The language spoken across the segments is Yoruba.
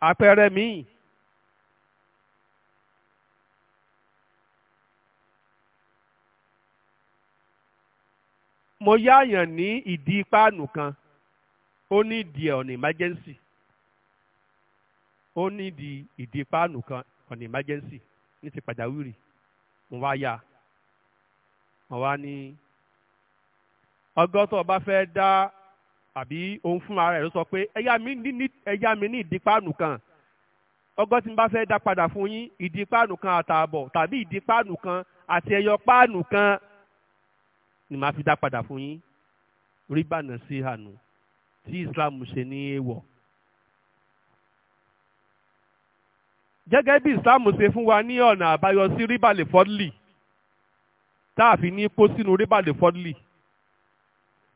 àpẹẹrẹ míì mo yáàyàn ní ìdí páànù kan ó ní ìdí ọ̀nà emergency ó ní ìdí ìdí páànù kan ọ̀nà emergency ní ti pàjáwìrì mo wá yá mo wá ní ọgọ́tọ̀ ọba fẹ́ dá àbí òun fún ara ẹ̀ ló sọ pé ẹ̀yà mi ní ìdípaànù kan ọgọ́ tí n bá fẹ́ dá padà fún yín ìdípaànù kan àtààbọ̀ tàbí ìdípaànù kan àti ẹyọ páànù kan ni màá fi dá padà fún yín rí bànà sí àánú tí Islam ṣe ní èèwọ̀. gẹ́gẹ́ bí Islam ṣe fún wa ní ọ̀nà àbáyọ sí ríbàlẹ̀ fọ́dlì tá a fi ní kó sínú ríbàlẹ̀ fọ́dlì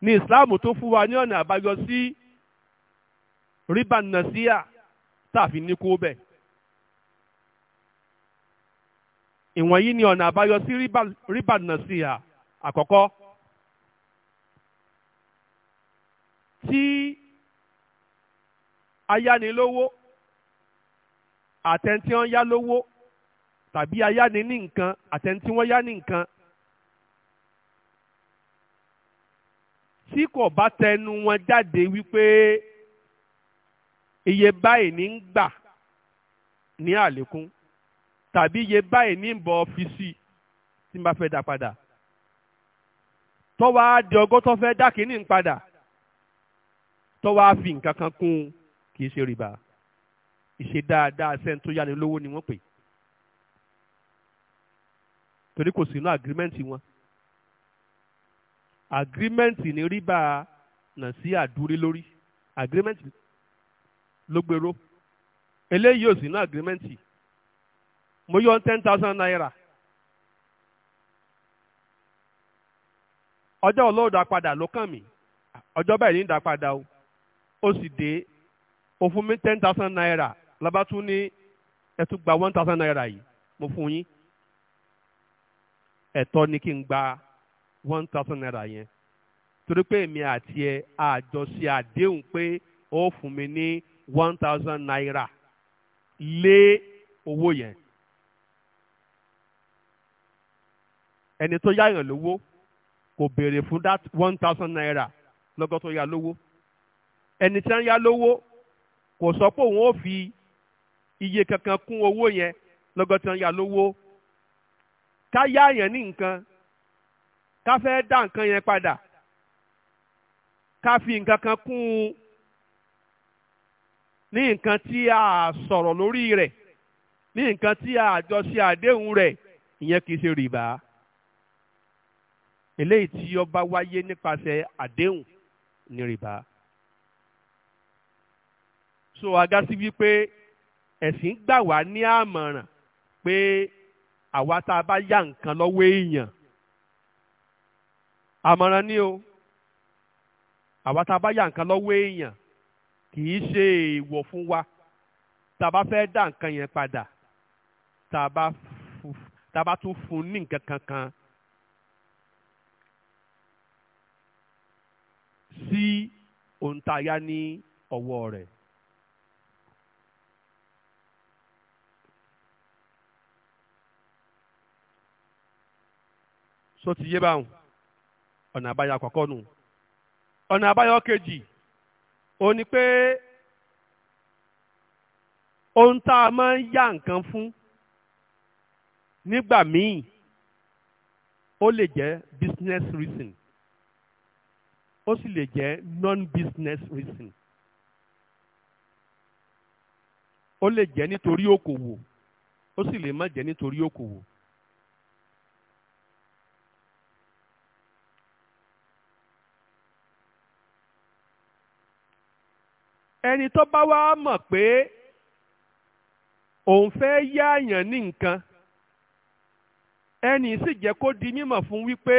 ni ìsìláàmù tó fún wa ní ọ̀nà àbáyọ sí ribanasiya tàfi ní kó bẹ̀. ìwọ̀nyí ni ọ̀nà àbáyọ sí ribanasiya àkọ́kọ́ tí ayánilówó àtẹ̀ntí wọn yá lówó tàbí ayáni ní nǹkan àtẹ̀ntí wọn yá ní nǹkan tí kò bá tẹnu wọn jáde wípé iye báyìí ní ń gbà ní àlékún tàbí iye báyìí ní ń bọ ọ́fíìsì tí n bá fẹ́ dá padà tọ́wọ́ á di ọgọ́ tó fẹ́ dá kínní ń padà tọ́wọ́ á fi nǹkan kan kún un kì í ṣe rìbá ìṣe dáadáa sẹ́ni tó yáni lówó ni wọ́n pè torí kò sínú àgírímẹ́ǹtì wọn. agreement ní rìbá nà sí àdúrí lórí agreement ló gbèrò eléyìí ò sí ní agreement mo yọ ten thousand naira ọjọ́ olóòdà padà ló kàn mí ọjọ́ báyìí ní ìdá padà o ó sì dé o fún mi ten thousand naira lọ́ba tún ní ẹ tún gba one thousand naira yìí mo fún yín ẹ̀tọ́ ni kí n gba one thousand naira yẹn torí pé èmi àti ẹ àjọṣe àdéhùn pé ó fún mi ní one thousand naira lé owó yẹn ẹni tó yáyàn lówó kò béèrè fún that one thousand naira lọ́gọ́ tó yá lówó ẹni tí wọ́n yá lówó kò sọ pé òun ó fi iye kankan kún owó yẹn lọ́gọ́ tí wọ́n yá lówó ká yáyàn ní nǹkan ká fẹ́ dá nǹkan yẹn padà ká fi nǹkan kan kún un ní nǹkan tí a sọ̀rọ̀ lórí rẹ̀ ní nǹkan tí a jọ ṣe àdéhùn rẹ̀ ìyẹn kì í ṣe rìbá eléyìí tí ó wáyé nípasẹ̀ àdéhùn ní rìbá. so aga sí wípé ẹ̀sìn gbà wá ní àmọ̀ràn pé àwa tá a bá yá nǹkan lọ́wọ́ èèyàn àmọ̀ràn ni o àwa tá a bá yà nǹkan lọ́wọ́ èèyàn kì í ṣe èèwọ̀ fún wa tá a bá fẹ́ dá nǹkan yẹn padà tá a bá tún fún ní nǹkan kankan sí òǹtayá ní ọwọ́ rẹ̀. sọ ti yé báwọn. ọ̀nà àbáyọ àkọ́kọ́ nù ọ̀nà àbáyọ kejì ó ni pé ohun tá a máa ń yá nǹkan fún nígbà míì ó lè jẹ́ business reason ó sì lè jẹ́ non-business reason ó lè jẹ́ nítorí okòwò ó sì lè má jẹ́ nítorí okòwò ẹni tó bá wá mọ̀ pé òun fẹ́ yáàyàn ní nǹkan ẹni sì jẹ́ kó di mímọ̀ fún wípé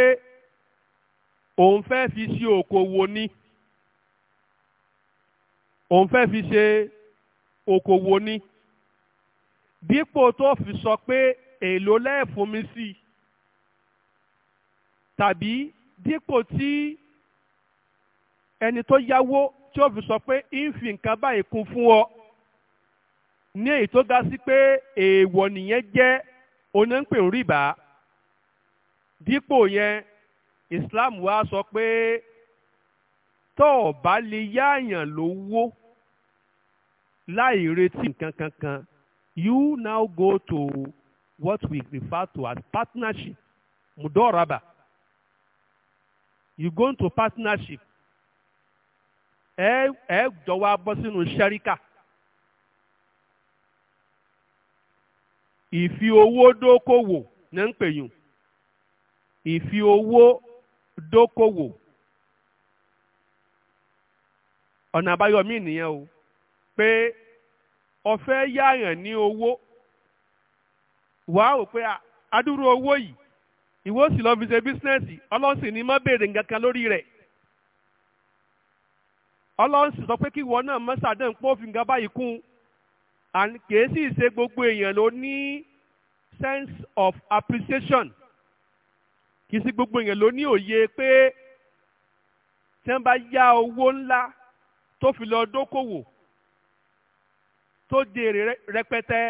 òun fẹ́ fi ṣe òkòwò ni òun fẹ́ fi ṣe òkòwò ni dípò tó fi sọ pé èlò lẹ́ẹ̀fún mi sí tàbí dípò tí ẹni tó yáwó tí ó fi sọ pé ìfi nǹkan báyìí kún fún ọ ní èyí tó ga sí pé èèwọ̀ nìyẹn jẹ́ onípè ń rìbá dípò yẹn Islam wa sọ pé tó o bá lè yáàyàn lówó láì retí nǹkan kankan you now go to what we refer to as partnership mudoraba you go into partnership ẹ ẹ jọ wá bọ́ sínú ṣẹ́ríkà ìfi owó dókòwò ní ń pè yùn ìfi owó dókòwò ọ̀nà àbáyọ míì nìyẹn o pé o fẹ́ yáyàn ní owó wàá wò pé adúrú owó yìí ìwọ sì fi ṣe bísínẹ́sì ọlọ́sìn ni má béèrè nǹkan kan lórí rẹ̀ ọlọ́run sì sọ pé kí ìwọ náà mọ́sàdán ń pọ́ fìǹgà báyìí kún kìí sì ṣe gbogbo èèyàn ló ní sense of appreciation kìí sì gbogbo èèyàn ló ní òye pé tí wọ́n bá yá owó ńlá tó fi lọ dókòwò tó jèrè rẹpẹtẹ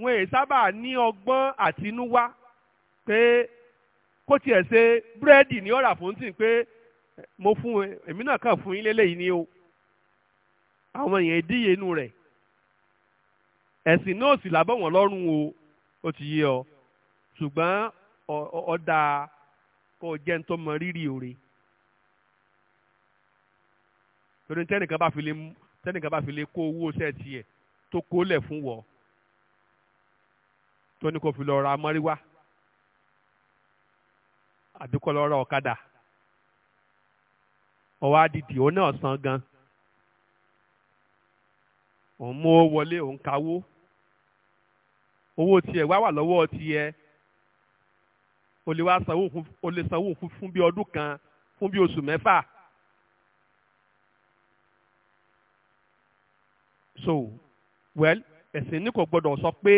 wọn èyí sábà ní ọgbọ́n àtinúwá pé kó tiẹ̀ ṣe búrẹ́dì ní ọ̀rà fún tì pé mo fún èmi náà kà fún yín lélẹ́yìí ni o àwọn èèyàn díye inú rẹ̀ ẹ̀sìn náà sì lábọ̀ wọ́n lọ́rùn o ó ti yé ọ ṣùgbọ́n ọ̀dà kò jẹ́ ń tó mọ rírì òre torí tẹ́nìkan bá fi lè tẹ́nìkan bá fi lè kó owó sẹ́ẹ̀tì ẹ̀ tó kólẹ̀ fún wọ́ tó ní kò fi lọ ra mọ́rí wá àbí kó ọ̀kadà ọwọ́ adìdì òun náà san gan òun mú ó wọlé òun kawó owó tiẹ̀ wá wà lọ́wọ́ tiẹ̀ o lè wá sanwó fún o lè sanwó fún fún bí ọdún kan fún bí oṣù mẹ́fà so well ẹ̀sìn ní kò gbọ́dọ̀ sọ pé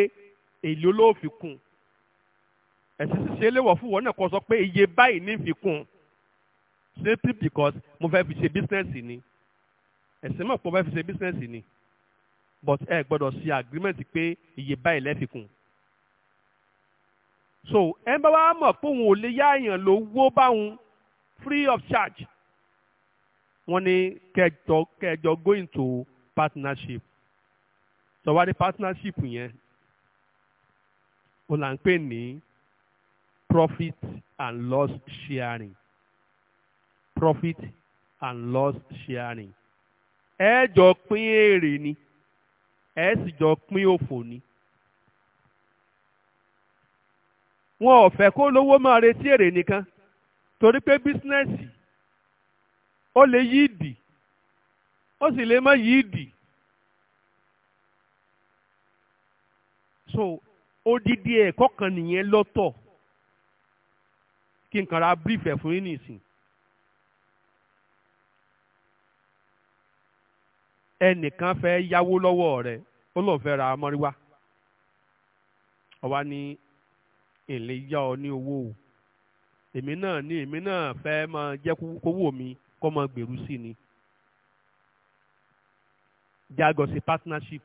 èlò ló fi kún ẹ̀sìn ṣiṣẹ́ léwọ̀ fún wọn náà kò sọ pé iye báyìí ní fi kún simply because mo fẹ́ fi ṣe business ni ẹ̀sìn mọ̀ pé mo fẹ́ fi ṣe business ni but ẹ gbọ́dọ̀ ṣe agreement pé iye báyìí lẹ́fikùn so ẹ bá wá mọ̀ pé òun ò lè yá èèyàn lówó báwọn free of charge wọ́n ní kẹjọ kẹjọ go into partnership sọwádìí so, partnership yẹn ó là ń pè ní profit and loss sharing profit and loss sharing ẹ jọ pín èrè ni ẹ sì jọ pín òfò ni. wọn ò fẹ́ kó lówó máa retí èrè nìkan torí pé bísínẹ́sì ó lè yí ìdì ó sì lè má yí ìdì. so odidi ẹ̀kọ́ kan nìyẹn lọ́tọ̀ kí n kàn brief ẹ̀ fún yín nìsín. ẹnìkan fẹ́ yáwó lọ́wọ́ rẹ̀ ó lọ fẹ́ ra mọ́ríwá ọba ní èlé yá ọ ní owó o èmi náà ní èmi náà fẹ́ máa jẹ́ kówó mi kó máa gbèrú sí ni jágọ̀ sí partnership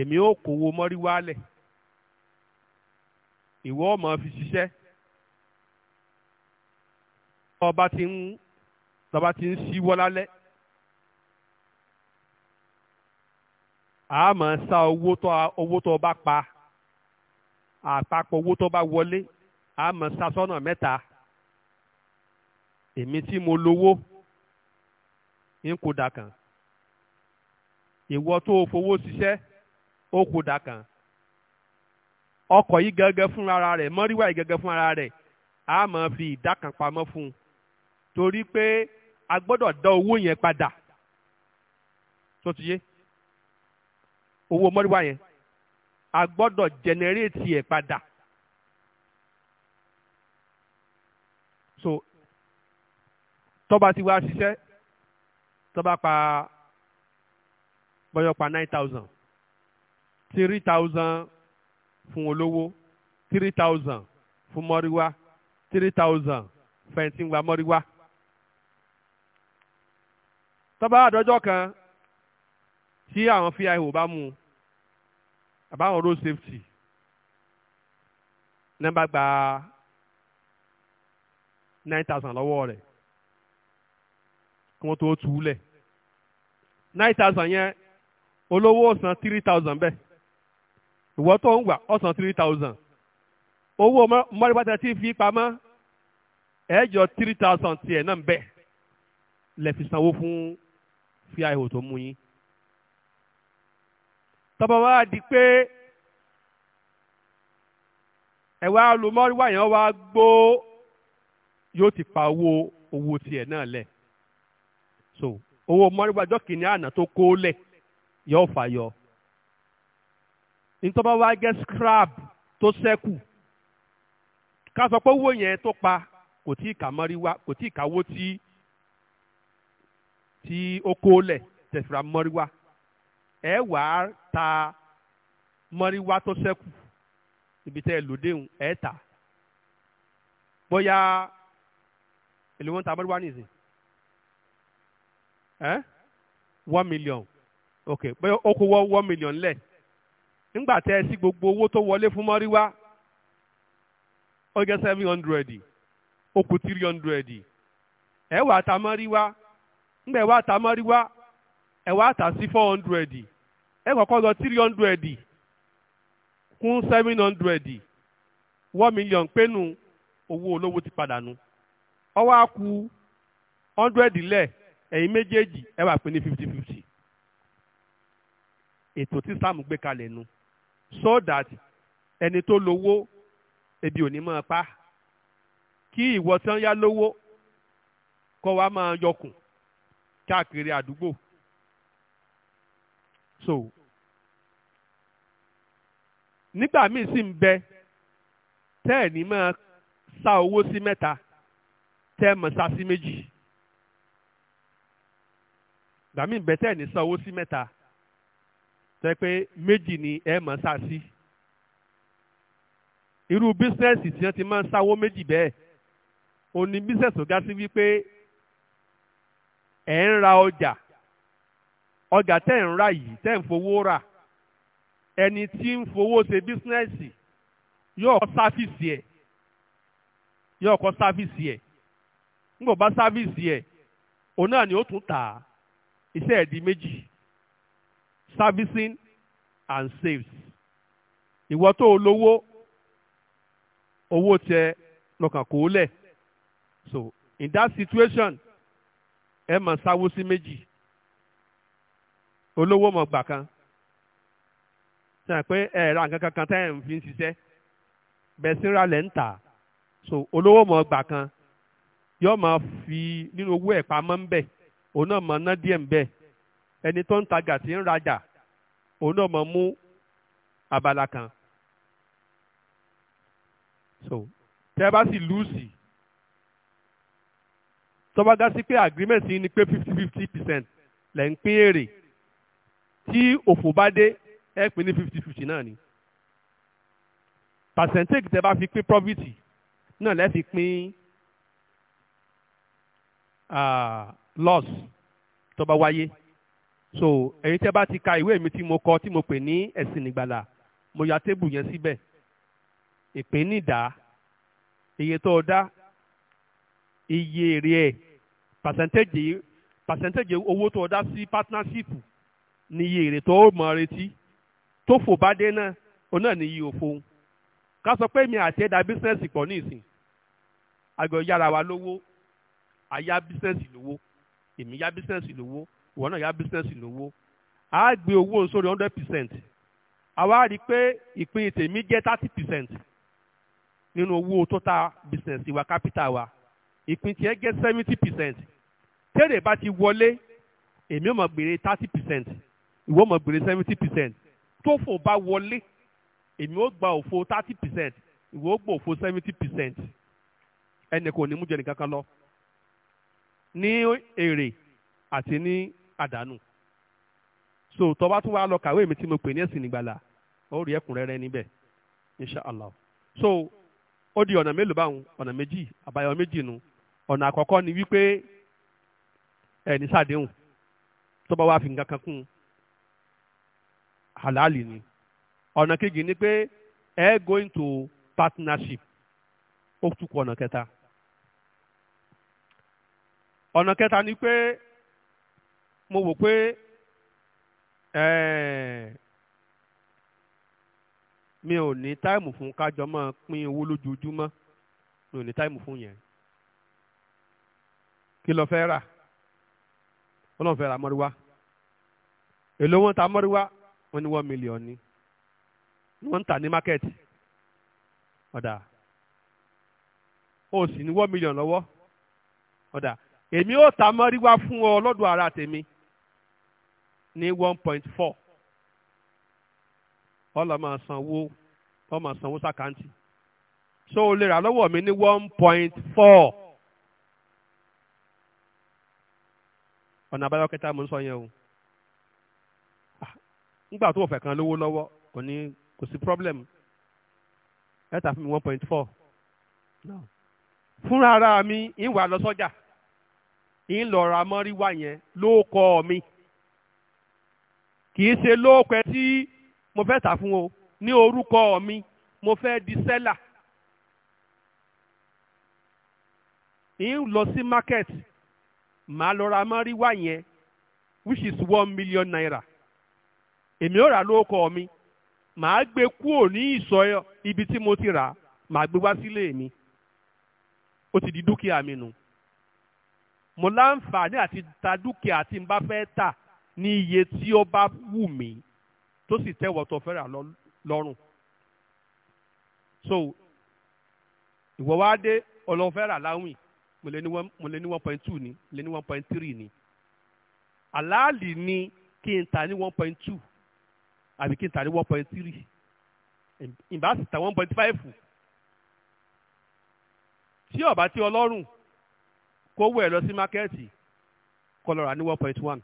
èmi ó kówó mọ́ríwá lẹ̀ ìwọ ọmọ fi ṣiṣẹ́ ọba ti ń ṣíwọ́ lálẹ́ a máa sá owó tó owó tó bá pa àpapọ̀ owó tó bá wọlé a máa sá sọ́nà mẹ́ta èmi tí mo lówó ń kó dà kan ìwọ tó o fowó ṣiṣẹ́ ó kó dà kan ọkọ̀ yìí gẹ́gẹ́ fún ara rẹ̀ mọ́ríwá yìí gẹ́gẹ́ fún ara rẹ̀ a máa fi ìdá kan pamọ́ fún un torí pé a gbọ́dọ̀ dá owó yẹn padà tó ti yé owó mọ́ríwá yẹn a gbọ́dọ̀ jẹnẹrétì ẹ̀ padà. so tọ́ba ti wá ṣiṣẹ́ tọ́ba pa bọ́yọ̀ pa nine thousand three thousand fún olówó three thousand fún mọ́ríwá three thousand fẹ̀yìntì ń gba mọ́ríwá. tọ́ba àdọ́jọ́ kan tí àwọn fi àìhò bá mú un about road safety nọ́mbà gba nine thousand lọ́wọ́ rẹ̀ kí wọ́n tó tu ú lẹ̀ nine thousand yẹn olówó ọ̀sán three thousand bẹ́ẹ̀ ìwọ tó ń gbà ọ̀sán three thousand owó mọ́rìbátà tí fi pamọ́ ẹ̀ẹ́jọ three thousand tiẹ̀ náà ń bẹ̀ lẹ́fi sanwó fún fíà ihò tó mú yín. tọ́ba wá di pé ẹ̀wà alùmọ́ríwá yẹn wá gbó yóò ti pa owó owó tiẹ̀ náà lẹ̀ so owó mọ́ríwá ọjọ́ kìíní àná tó kó lẹ̀ yóò fà yọ ntọ́ba wá gẹ́ scrap tó sẹ́kù ká sọ pé owó yẹn tó pa kò tí ì kà mọ́ríwá kò tí ì kàwó tí tí ó kó lẹ̀ tẹ̀síra mọ́ríwá. ẹ wà á ta mọ́ríwá tó ṣẹ́kù ibi tẹ́ ẹ lòdehùn ẹ tà bóyá èlò wọn ta mọ́ríwá nìyí ẹ one million ok bóyá ó kó wọ́ one million lẹ̀ nígbà ẹ sí gbogbo owó tó wọlé fún mọ́ríwá ó jẹ́ seven hundred ó three hundred ẹ wà á ta mọ́ríwá ńgbà ẹ ta mọ́ríwá ẹ wá tà sí four hundred ẹ kọ́kọ́ lọ three hundred kún seven hundred one million pẹ́nu owó olówó ti padà nu ọwọ́ á ku hundred lẹ̀ ẹ̀yin méjèèjì ẹ wà pín ní fifty fifty ètò tí sam gbé kalẹ̀ nu so that ẹni tó lówó ebi ò ní máa pa kí ìwọ tí wọ́n yá lówó kọ́ wa máa yọkùn káàkiri àdúgbò so nígbà míì sì ń bẹ tẹ́ ẹ̀ ní máa sa owó sí mẹ́ta tẹ́ ẹ mọ̀ sa sí méjì ìgbà míì bẹ tẹ́ ẹ̀ ní sa owó sí mẹ́ta tẹ́ pé méjì ni ẹ mọ̀ sa sí irú bísínẹ́sì tí wọ́n ti máa ń sáwó méjì bẹ́ẹ̀ òní bísínẹ́sì tó ga sí wípé ẹ̀ ń ra ọjà. ọjà tẹ́ ń rà yìí tẹ́ ń fowó rà ẹni tí ń fowó ṣe bísínẹ́sì yóò kọ́ sáfìsì ẹ̀ yóò kọ́ sáfìsì ẹ̀ ń bò bá sáfìsì ẹ̀ òun náà ni ó tún tà á iṣẹ́ ẹ̀dí méjì servicing and sales ìwọ tó lówó owó tẹ lọ́kàn kó lẹ̀ so in that situation ẹ máa sáwó sí méjì olówó mọ̀ gbà kan ṣe hàn pé ẹ ra nǹkan kankan tẹ́ ẹ̀ ń fi ń ṣiṣẹ́ bẹ̀sìnra lẹ̀ ń tà so olówó mọ̀ gbà kan yóò máa fi nínú owó ẹ̀ pamọ́ ń bẹ̀ òun náà máa ná díẹ̀ ń bẹ̀ ẹni tó ń tajà tí ń rajà òun náà máa mú abala kan so tẹ́ bá sì lùsì tọ́ba dá sí pé agreement yìí ni pé fifty fifty percent lẹ́ ń pín èrè tí òfò bá dé ẹ pín ní fifty fifty náà ni percentage tẹ bá fi pín profit náà lẹ fi pín loss tó bá wáyé so ẹ̀yin tẹ́ bá ti ka ìwé mi tí mo kọ tí mo pè ní ẹ̀sìn ìgbàlà mo ya tébù yẹn síbẹ̀ ìpín nìdá iye tó o dá iye èrè ẹ̀ pàṣẹ́ntéèjì pàṣẹ́ntéèjì owó tó o dá sí pátánásìpù Ni iye èrè tó mọ retí tó fò bá dé náà òun náà ní iye òfo ká sọ pé mi àti ẹ̀dá bísínẹ́sì pọ̀ ní ìsìn àgbẹ̀ yára wa lówó àyà bísínẹ́sì lówó èmi yá bísínẹ́sì lówó ìwọ náà yá bísínẹ́sì lówó a gbé owó sórí hundred percent àwa rí i pé ìpín tèmi jẹ́ thirty percent nínú owó total business wa capital wa ìpín tiẹ̀ jẹ́ seventy percent tẹ́rẹ̀ bá ti wọlé èmi ò mọ̀ gbèrè thirty percent ìwọ mọ̀ bèrè seventy percent tófò bá wọlé èmi ó gba òfo thirty percent ìwọ ó gba òfo seventy percent ẹnì kò ní mú jẹ nìkan kan lọ ní èrè àti ní àdánù so tó bá tún wá lọ kàwé mi tí mo pè ní ẹ̀sìn ìgbàlà ó rí ẹ̀kúnrẹ́rẹ́ níbẹ̀ inshallah so ó di ọ̀nà mélòó báwọn ọ̀nà méjì àbáyọ méjì nu ọ̀nà àkọ́kọ́ ni wípé ẹ̀ ní sàdéhùn tó bá wá fi nǹkan kan kún un halali ni ọ̀nà kejì ni pé ẹ going to partnership ó tún kù ọ̀nà kẹta ọ̀nà kẹta ni pé mo wò pé eh, mi ò ní táìmù fún kájọ máa pín owó lójoojúmọ́ mi ò ní táìmù fún yẹn kí lo fẹ́ rà ọlọ́run fẹ́ ra mọ́ríwá èlò wọn ta mọ́ríwá wọ́n ní one million ni wọ́n ń tà ní mákẹ́ẹ̀tì ọ̀dà o sì ní one million lọ́wọ́ ọ̀dà èmi ó ta mọ́rí wá fún ọ lọ́dọ̀ ara tèmi ní one point four ọlọ́ máa sanwó ọ máa sanwó sàkáǹtì so o lè rà lọ́wọ́ mi ní one point four ọ̀nà àbáyọ kẹta mo ń sọ yẹn o nígbà tó fẹ́ kan lówó lọ́wọ́ kò ní kò sí problem ẹ tà fún mi one point four fúnra ara mi ń wà lọ sọ́jà ń lọ ra mọ́ríwá yẹn ló kọ́ mi kì í ṣe lóòpẹ́ tí mo fẹ́ tà fún o ní orúkọ mi mo fẹ́ di sẹ́là ń lọ sí market màá lọ ra mọ́ríwá yẹn which is one million naira èmi ò rà lóko mi màá gbé kúò ní ìsọ ibi tí mo ti rà màá gbé wá sílé mi ó ti di dúkìá mi nù mo láǹfààní àti ta dúkìá tí n bá fẹ́ tà ní iye tí ó bá wù mí tó sì tẹ́wọ́ tó fẹ́ rà lọ́rùn so ìwọ wá dé ọlọ́fẹ́ rà láwìn mo lé ní one point two ni mo lé ní one point three ni àlàálì ni kí n ta ní one point two àbí kí n tà ní one point three ìbá sì tà one point five tí ọba tí ọlọ́run kó wọ ẹ lọ sí mákẹ́ẹ̀tì kó lọ rà ní one point one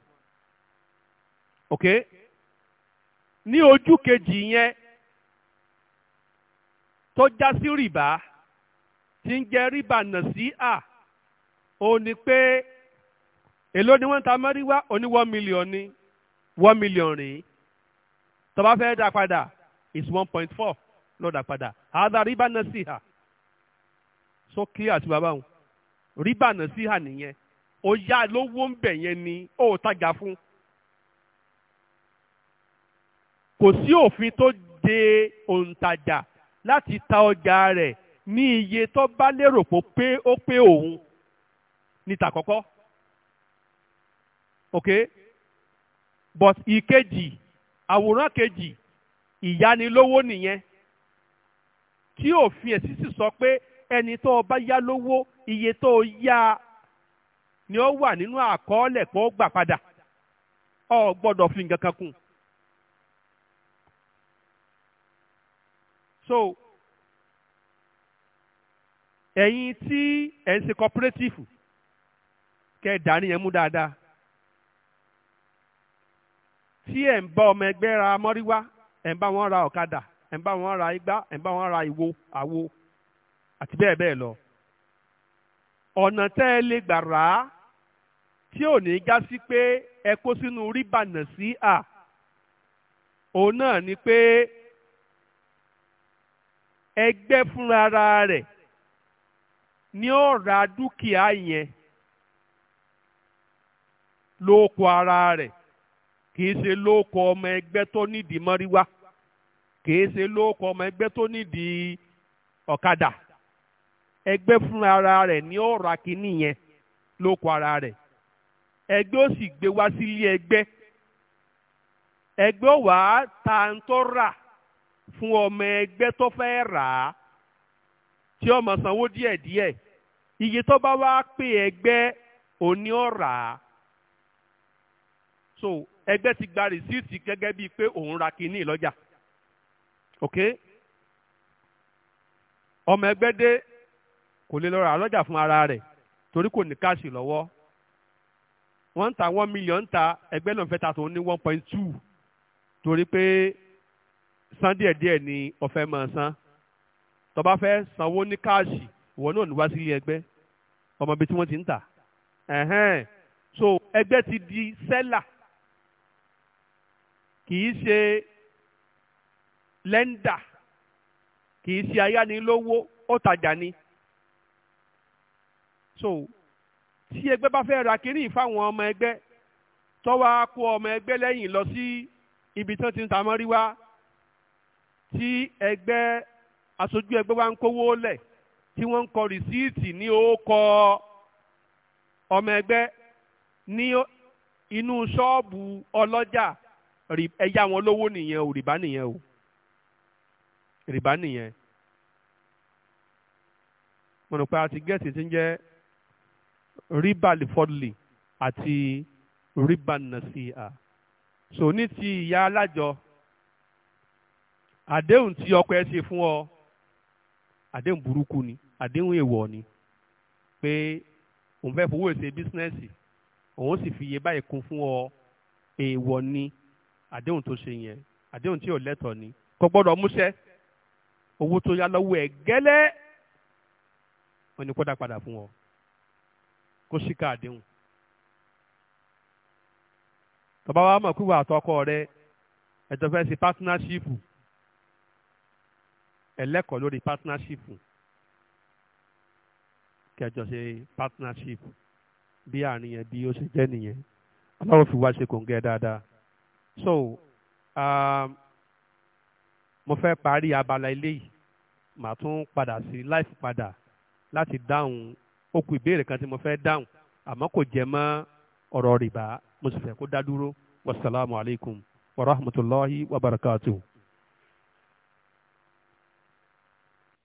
ok ní ojú kejì yẹn tó já sí rìbá tí ń jẹ́ rìbá nà sí à ó ní pé èló ni wọ́n ta mẹ́rìíwá ó one million ní one million rèé tó bá fẹ́ dá padà is one point four ló dá padà àádá rìbá náà sì hà so clear àti bàbá òun rìbá náà sì hà nìyẹn ó yá lówó ń bẹ̀ yẹn ni ó tajà fún kò sí òfin tó de òǹtajà láti ta ọjà rẹ̀ ní iye tó bá lérò pé ó pé òun níta kọ́kọ́ ok but ìkejì. àwòrán kejì ìyánilówó nìyẹn tí òfin ẹ̀sìn sì sọ pé ẹni tó bá yá lówó iye tó yá ni ó wà nínú àkọọ́lẹ̀ pé ó gbà padà ọ gbọ́dọ̀ fi nǹkan kan so ẹ̀yin tí ẹ̀ ń ṣe cooperative kẹ́ ẹ̀ dání yẹn mú dáadáa tí ẹ̀ ń bá ọmọ ẹgbẹ́ ra mọ́ríwá ẹ̀ ń bá wọn ra ọ̀kadà ẹ̀ ń bá wọn ra igbá ẹ̀ ń bá wọn ra ìwo àwo àti bẹ́ẹ̀ bẹ́ẹ̀ lọ. ọ̀nà tẹ́ ẹ lè gbà rà á tí ò ní já sí pé ẹ kó sínú ríbànà sí à òun náà ni pé ẹgbẹ́ fúnra rẹ̀ ni ó dúkìá yẹn lóko ara rẹ̀. kìí ṣe lóko ọmọ ẹgbẹ́ tó nídìí mọ́ríwá kìí ṣe lóko ọmọ ẹgbẹ́ tó nídìí ọ̀kadà ẹgbẹ́ fúnra ara rẹ̀ ní ọ̀rọ̀ akínní yẹn lóko ara rẹ̀ ẹgbẹ́ ó sì gbé wá sílé ẹgbẹ́ ẹgbẹ́ ó wá ta ń tó rà fún ọmọ ẹgbẹ́ tó fẹ́ rà á tí ọmọ sanwó díẹ̀díẹ̀ iye tó bá wá pè ẹgbẹ́ òní ọ̀rà so ẹgbẹ́ ti gba rìsíìtì gẹ́gẹ́ bíi pé òun ra kínní lọ́jà ok ọmọ ẹgbẹ́ dé kò lè lọ ra lọ́jà fún ara rẹ̀ torí kò ní káàṣì lọ́wọ́ wọ́n ń ta one million ta ẹgbẹ́ náà fẹ́ ta tó ní one point two torí pé san díẹ̀díẹ̀ ni ọ̀fẹ́ máa san tó bá fẹ́ sanwó ní káàṣì ìwọ náà ní wá sí ilé ẹgbẹ́ ọmọ ibi tí wọ́n ti ń tà ẹ̀hẹ́n so ẹgbẹ́ ti di sẹ́là kì í ṣe lẹ́ńdà kì í ṣe ayánilówó ó ni so tí ẹgbẹ́ bá fẹ́ ra kínní fáwọn ọmọ ẹgbẹ́ tọ́wọ́ á kó ọmọ ẹgbẹ́ lẹ́yìn lọ sí ibi tí wọ́n ti ń ta mọ́rí wá tí ẹgbẹ́ aṣojú ẹgbẹ́ wa ń kówó lẹ̀ tí wọ́n ń kọ rìsíìtì ní orúkọ ọmọ ẹgbẹ́ ní inú ṣọ́ọ̀bù ọlọ́jà ẹ yá wọn lówó nìyẹn o rìbá nìyẹn o rìbá nìyẹn mo rò pé a ti gẹ́ẹ̀tì tí ń jẹ́ rìbá lìfọ́dìlì àti rìbá nàṣìhà so ní ti ìyá alájọ àdéhùn tí ọkọ ẹ ṣe fún ọ àdéhùn burúkú ni àdéhùn èèwọ̀ ni pé òun fẹ́ fowó ṣe bísínẹ́sì òun sì fi iye báyìí kún fún ọ èèwọ̀ ni àdéhùn tó ṣe yẹn àdéhùn tí ò lẹ́tọ̀ọ́ ni kò gbọ́dọ̀ múṣẹ́ owó tó yá lọ́wọ́ ẹ̀ gẹ́lẹ́ wọ́n ní kó dá padà fún ọ kó ṣíkà àdéhùn tọba wa mọ̀ pípa àtọkọ rẹ ẹ̀jọ̀ fẹ́ ṣe partnership ẹlẹ́kọ̀ọ́ lórí partnership kẹjọ ṣe partnership bí àárín yẹn bí ó ṣe jẹ́ nìyẹn aláwọ̀ fi wá ṣe kò ń gẹ́ dáadáa. so um, mo fẹ́ parí abala eléyìí màá tún padà sí life padà láti dáhùn ó ìbéèrè kan tí mo fẹ́ dáhùn àmọ́ kò jẹ mọ́ ọ̀rọ̀ rìbá mo sì fẹ́ kó dá dúró wasalaamualeykum wa rahmatulahi wa barakatuhu.